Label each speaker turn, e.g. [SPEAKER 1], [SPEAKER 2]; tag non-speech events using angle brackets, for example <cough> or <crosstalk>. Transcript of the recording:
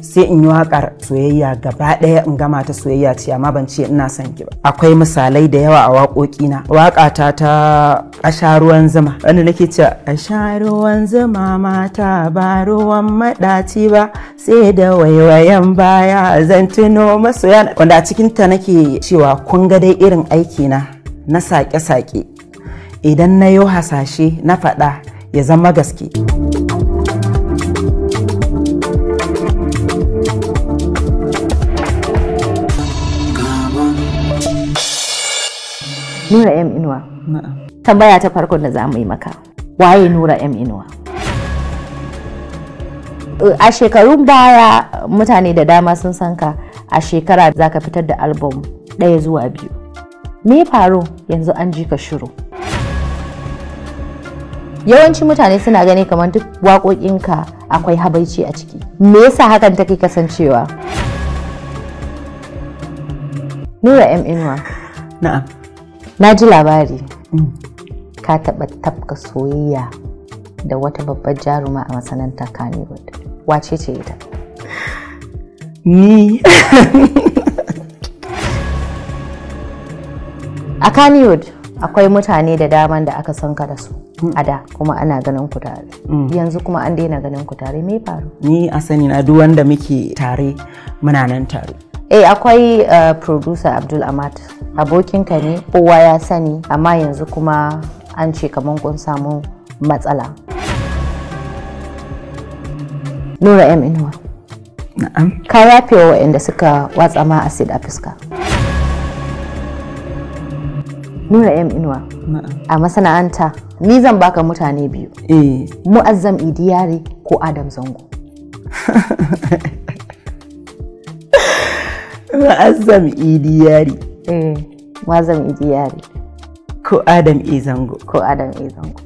[SPEAKER 1] sai in yi waƙar soyayya gaba ɗaya in gama ta soyayya ce amma ban ce ina son ki ba akwai misalai da yawa a waƙoƙi na waƙa ta ta asha ruwan zuma wanda nake ce asha ruwan zuma mata ba ruwan maɗaci ba sai da waiwayen baya zan tuno masoya wanda a cikin ta nake cewa kun ga dai irin aiki na na saƙe-saƙe idan na yi hasashe na faɗa ya zama gaske.
[SPEAKER 2] Nura M Inuwa. Tambaya ta farko da za mu yi maka. Waye Nura M Inuwa? A shekarun baya mutane da dama sun san ka a shekara za ka fitar da album ɗaya zuwa biyu. Me faru yanzu an ji ka shiru. Yawanci mutane suna gani kamar duk waƙoƙinka akwai habaici a ciki. Me yasa hakan take kasancewa? Nura M Inuwa. Na'am. na ji labari mm. ka taɓa tafka soyayya da wata babbar jaruma a masana'antar kanewood wace ce ita ni <laughs> a kanewood akwai mutane da daman da aka san ka da su mm. a da kuma ana ganin ku tare mm. yanzu kuma an daina ganin ku tare me faru
[SPEAKER 1] ni a sani na duk wanda muke tare muna nan tare
[SPEAKER 2] eh akwai uh, producer abdul amat abokinka ne kowa ya sani amma yanzu kuma an ce kamar kun samu matsala nura m inuwa na'am ka rafe wa waɗanda suka watsa ma acid a fuska nura m inuwa a masana'anta ni zan baka mutane biyu eh. mu'azzam idiyari ko adam zango <laughs>
[SPEAKER 1] idi yari idiyari mm. idi yari ko adam izango ko adam izango